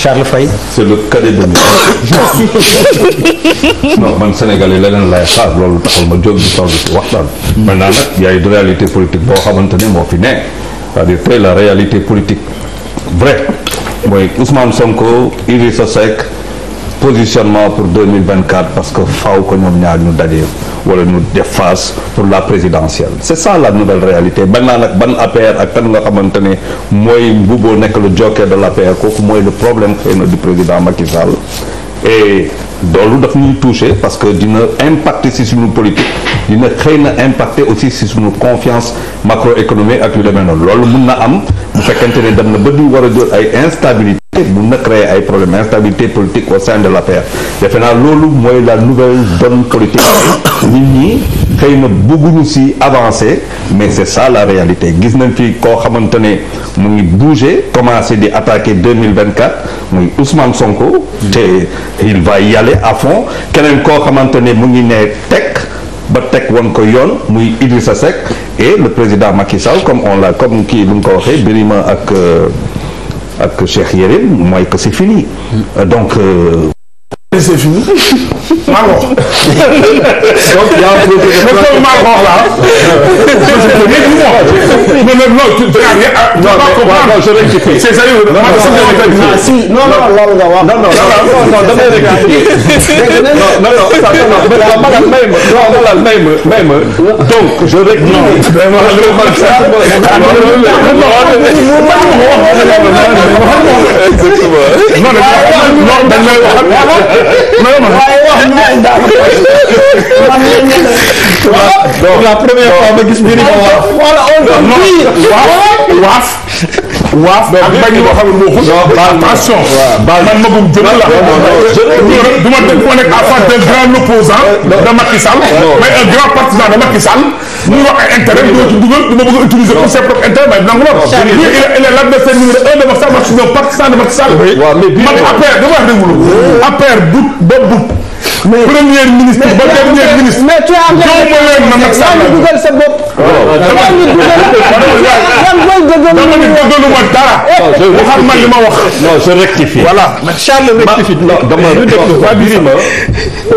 Charles Faye. c'est le cadet de nous. non man Sénégalais leneen lay xaar loolu ma jóg di toll ci waxtaan. maintenant nag y a une réalité boo xamante ne moo fi ne c'est-à-dire tey la réalité politique vraie mooy Ousmane Sonko Idrissa Seck. positionnement pour 2024 parce que faaw ko ñoom ñaar ñu daje wala ñu def face pour la présidentielle c'est ça la nouvelle réalité ban nag ban APR ak kan nga xamante ne mooy mbubboo nekk le joker la l'APR kooku mooy le problème xëy na du président Macky Sall et loolu daf ñuy toucher parce que dina impacter ci suñu politique dina xëy na impacter aussi ci suñu confiance macroéconomie ak yu demee noonu loolu mun na am bu fekkente ne dem na ba di war a jot ay instabilité mun na créer ay problème instabilité politique au sein de la l'APR defe naa loolu mooy la nouvelle bonne politique nit ñi xëy na bëgguñu si avancer mais c'est ça la réalité gis nañ fi koo xamante ne mu ngi bouger commencé di attaquer 2024 muy Ousmane Sonko te il va y aller à fond keneen koo xamante ne mu ngi ne teg ba teg woon ko yoon muy Idrissa et le président Macky Sall comme on l'a comme kii lu mu ko waxee Birima ak euh, ak Cheikh Yérim mooy que c'est fini donc. Euh, et c'est fini maa ngi wax donc y' a un problème de. mais comme maa ngi wax là. mais mais non tu te non je rectifie. c'est ça non non loolu nga wax. non non non damay rectifier. non non non may ma may ma donc je rectifie. non non non non waaye wax nañ daal la première fois ma gis. ñu ni ma waaf. wala on waaf. waaf ak bañ loo moo ko attention man du ma dëkk ma nekk en face d'un grand opposant de Macky Sall grand partisan de Macky Sall muy wax ay du ma bëgg a utiliser pour ses propres intérêt mais nangu loolu lui il est l'adversaire numéro un de Macky Sall parce que partisan de Macky Sall man affaire premier ministre ba dernier ministre. mais tu as leen dugal sa bopp. yaa ngi dugal dara. Eh, eh, man li ma wax. non je rectifie. voilà Charles rectifie. dama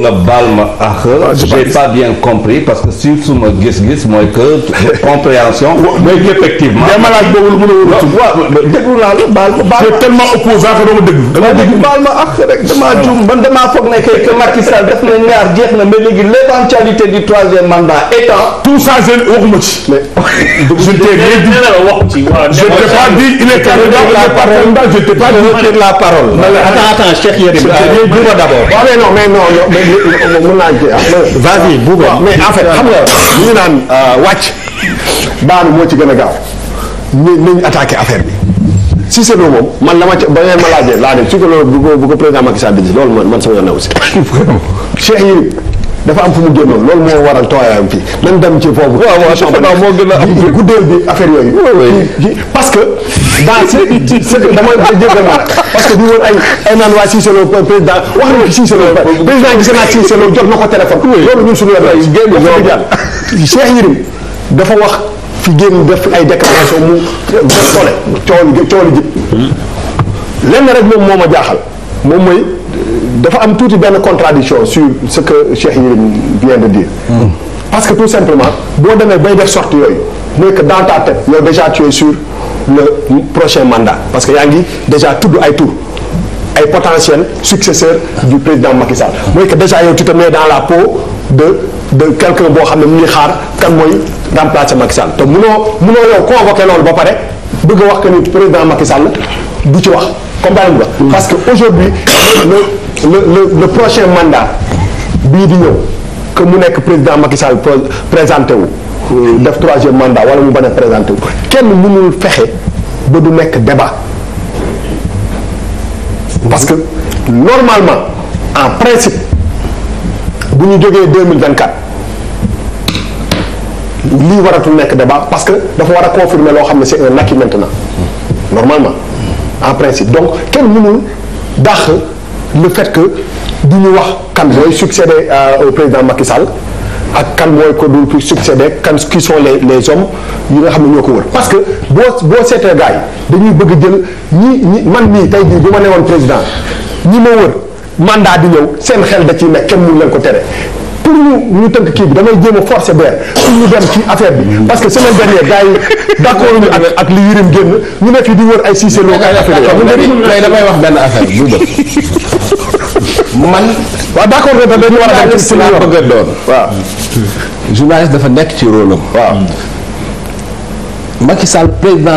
nga baal ma ah. ah j'ai pas bien compris parce que sur suma gis-gis mooy que compréhension. mooy effectivement. dama laaj boobu lu mun a wut. déglu naa la baal ma baal ma. c'est tellement opposant que dama déglu. dama déglu baal ma ah rek damaa juum man damaa foog ne que Macky Sall def na ñaar jeex na mais léegi l'éventualité du mandat étant. tout ça je waxuma ci. mais je t'ai dit je t'ai pas dit il est candidat la parole je t'ai pas dit la parole. attends attends Cheikh Yérim Bouba d'abord. waaw mais non mais non mais mun naa vas-y Bouba mais en fait xam nga naan euh, wàcc. baanu moo ci gën a gaaw nañ attaqué affaire bi. Cissé Lo moom man la ma ca ba ngeen ma laajee laa def su ko loolu bu ko bu ko président Macky Sall di gis loolu man man sama yoon na aussi. Cheikh Yérim dafa am fu mu génnoon loolu moo waral tooyaayam fii nan dem ci foofu. waaw waaw xam naa moo gën a am guddeel bi affaire yooyu. parce que. dans ce que damay jégal ma parce que ñu woon ay ay naan waa Cissé Lo président wax na ko Cissé Lo président gis naa Cissé Lo jot na ko téléphone. loolu ñun suñu yoon la. génn loolu Cheikh Yérim dafa wax. fi génn def ay déclaration mu def tole coono coono jib lenn rek moom moo ma jaaxal moom mooy dafa am tuuti benn contradiction su ce que Cheikh Yérim vient de dire parce que tout simplement boo demee bay def sorte yooyu mooy que dans ta yow déjà tu es sur le prochain mandat parce que yaa ngi déjà tudd ay tour ay potentiel successeur du président Macky Sall mooy déjà yow tu dans la peau de de quelqu'un boo xam ne mu ngi xaar kan mooy remplacer Macky Sall te munoo munoo yow convoqué loolu ba pare bëgg a wax que ni président Macky Sall du ci wax comprendre nga. Mm. parce que aujourd'hui le le le le prochain mandat bii mu nekk président Macky Sall présenté wu. Mm. def troisième mandat wala mu bañ a présenté wu kenn mënul fexe ba du nekk débat parce que normalement en principe. bu ñu jógee 2024 lii waratu nekk débat parce que dafa war a confirmer loo xam ne c'est un acquis maintenant normalement en principe donc kenn mënul dàq le fait que du ñu wax kan mooy succéder euh, au président Macky Sall ak kan mooy ko dul fi succéder kan qui sont les les hommes yi nga xam ne ñoo ko wër parce que boo boo seetee gars yi dañuy bëgg jël ñi ñi man mii tey jii bu ma newoon président ñi ma wër. man bi ñëw seen xel da ciy nekk kenn mënu leen tere pour ñu ñu tënk kii bi damay jéem a forcer benn pour ñu bi parce que semaine dernière gars yi d' accord ñu ak ak li yërim génn ñu ne fii di wër ay Cissé Lo ay affaire yooyu. tey damay wax benn affaire bu man. waaw d' accord rek dañu war a dem ci laa bëgg a doon dafa nekk ci rôle am. waaw. Macky Sall président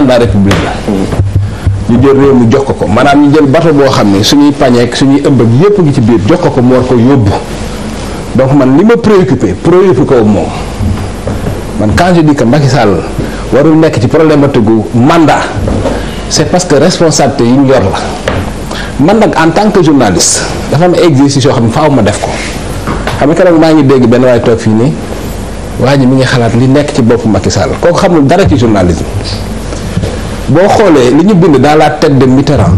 ñu jël réew mi jox ko ko maanaam ñu jël bato boo xam ne suñuy pañeek suñuy ëmb ak yépp ngi ci biir jox ko ko mu war ko yóbbu donc man li ma préoccupé préoccupé ko moom man quand je dis que Macky warul nekk ci problématique gu mandat c'est parce que responsabilité yi ñu yor la man nag en tant que journaliste dafa am exercice yoo xam ne faaw ma def ko xam nga keroog maa ngi dégg benn waay toog fii nii waa ji mu ngi xalaat li nekk ci bopp Macky Sall kooku xamul dara ci journalisme. boo xoolee li ñu bind dans la tête de Mitterrand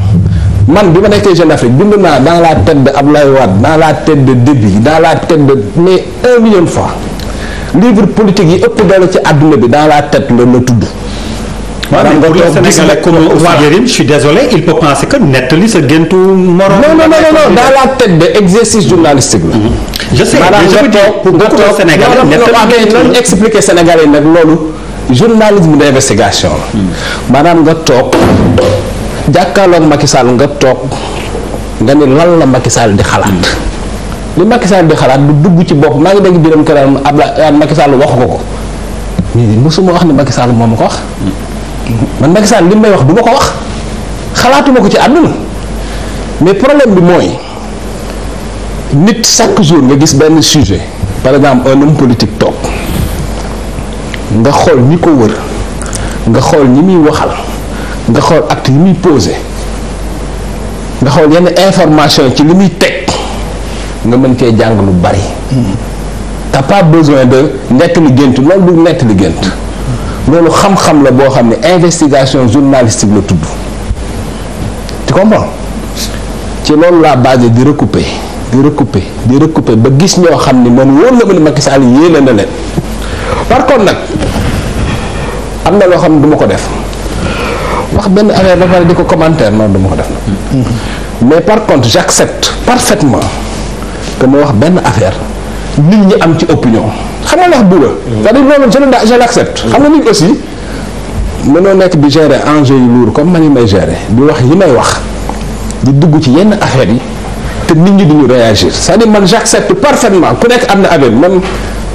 man bi ma nekkee Jeune Afrique bind naa dans la tête de Abdoulaye Wade dans la tête de Déby la tête de mais un million fois livre politique yi ëpp doole ci àdduna bi dans la tête la ma tudd. maanaam nga toog gis nga comme je suis désolé il peut penser que nettali sa géntu morom. la tête de exercice journalistique la. je sais je peux dire pour nga toog Sénégalais nettali nga wax expliquer Sénégalais nag loolu. journalisme d'investigation la hmm. maanaam nga toog jàkkaarloog Macky Sall nga toog nga ni lan la Macky Sall di xalaat hmm. li Macky di xalaat du dugg ci bopp maa ngi dégg biram këram Abdoulaye euh, Macky Sall waxu ko ko mais mosuma wax ne Macky Sall moo ma ko wax hmm. man Macky Sall li may wax du ma ko wax xalaatuma ko ci àdduna mais problème bi mooy nit chaque jour nga gis benn sujet par exemple un homme politique toog nga xool ni ko wër nga xool ñi muy waxal nga xool acte yi muy posé nga xool yenn information ci li muy teg nga mën cee jàng lu bari t'as pas besoin de nett gént loolu du nettali gént loolu xam-xam la boo xam ne investigation journalistique la tudd tu comprends ci loolu laa basé di recouper di recouper di recouper ba gis ñoo xam ni man wóor na ma ne Macky Sall yéene na leen par contre nag am na loo xam ne du ko def wax benn affaire ba pare di ko commentaire noonu du ma ko def nag mais par contre j'accepte parfaitement que ma wax benn affaire nit ñi am ci opinion xam nga ndax buura c'est-à-dire loolu je je l'accepte xam nga nit aussi mënoo nekk di gérer enjeu yu lourd comme man yi may gérer di wax yi may wax di dugg ci yenn affaires yi te nit ñi duñu réagir c'est-à-dire man j'accepte parfaitement ku nekk am na affaire man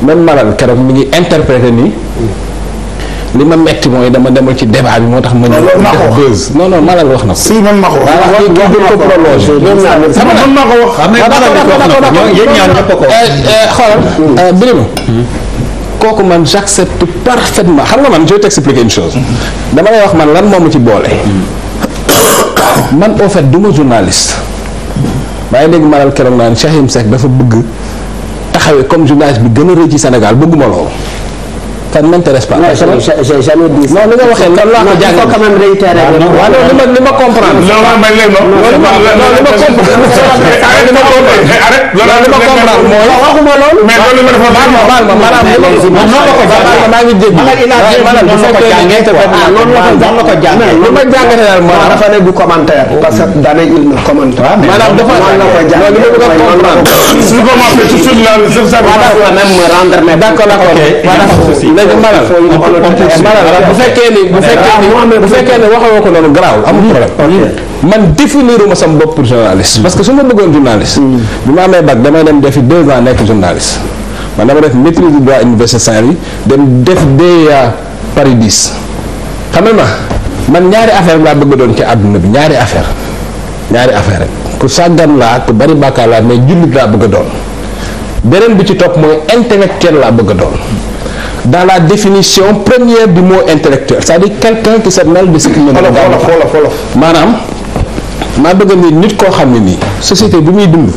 même Malal keroog mi ngi interprété nii li ma metti mooy dama demal ci débat bi moo tax. ma ñëw def non non Malal wax na ko. si man ma ko wax. wax wax ko prolongé. man ma ko wax. xoolal Birima kooku man j'accepte parfaitement xam nga man je vais t'expliquer une dama lay wax man lan moom ma ci boole. man au fait du ma journaliste. maa ngi dégg Malal keroog naan Cheikh Yérim Seck dafa bëgg. taxawee comme journaliste bi gën a rëy ci Sénégal bëgguma loolu ça ne m'intéresse pas. non j'ai jamais dit ça. non li nga waxee loolu laa ko jàngee quand même réitérer. waaw non li ma li ma comprendre. non non man léegi noonu. loolu ma comprendre mooy. waxuma loolu. mais loolu ma dafa baal ma baal ma maanaam li ma. ma ko jàngee maa ngi dégg. maanaam bu fekkee ne ngeen ko ah loolu la ko jàngee. ma ko jàngee li ma jàngate daal mooy. dafa ne du commentaire. parce que daanaka il ne commente pas. maanaam dafa la ko jàngee loolu li ma ko comprendre. su ko ma fekk toujours la. c'est ça. voilà quand même rendre mais. d'accord d'accord. léegi maanaam bu fekkee ni bu ah, fekkee ni bu fekkee ne waxoo ko noonu garaaw amul problème man définiruma sam bopp pour journaliste mm. parce que su ma bëggoon journaliste mm. bi ma amee bac damay dem defi deux ans nekk journaliste man dama def maîtrise du droit université Saint-Louis dem def DEA Paris 10 xam nga ma man ñaari affaire laa bëgg doon ci àdduna bi ñaari affaire ñaari affaire rek ku sàggan laa ku bari bàkkaar laa mais jullit laa bëgg a doon beneen bi ci topp mooy intellectuel laa bëgg a doon dans la définition première du mot intellectuel c'est-à-dire quelqu'un qui se mêle de ce qu'il ne wolof wolof maanaam maa bëgg ni nit koo xam ne nii société bu muy dund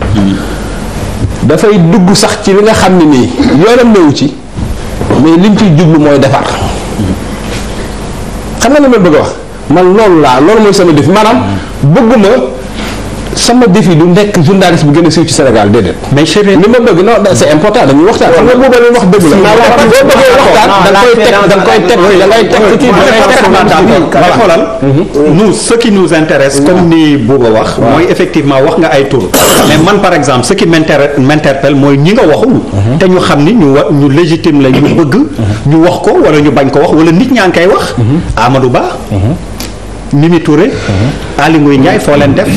dafay dugg sax ci li nga xam ne nii yoonam newu ci mais li mu ciy jublu mooy defar xam nga li ma bëgg a wax man loolu laa loolu mooy sama def maanaam bëgguma sama défi du nekk journaliste bu gën a siiw ci Sénégal déedéet. mais chef li ma bëgg non c'est important dañuy waxtaan. xam nga bu bëggee wax dëgg la. mais boo bëggee waxtaan koy teg da koy teg da koy teg ci xoolal mm-hmm. Mm-hmm. nous mm-hmm. ni Bouba wax. mooy effectivement wax nga ay tur. man par exemple ce qui m'interpelle mooy ñi nga waxul. te ñu xam ni ñu wa ñu légitime la bëgg. ñu wax ko wala ñu bañ ko wax wala nit ñaa ngi koy wax. Amadou Ba. Mimi Touré. Aly Ngouille Ndiaye foo leen def.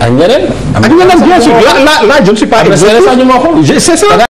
ak ñeneen. am na solo ak ñeneen bien sûr là là je ne suis pas. exhaustif c'est ça.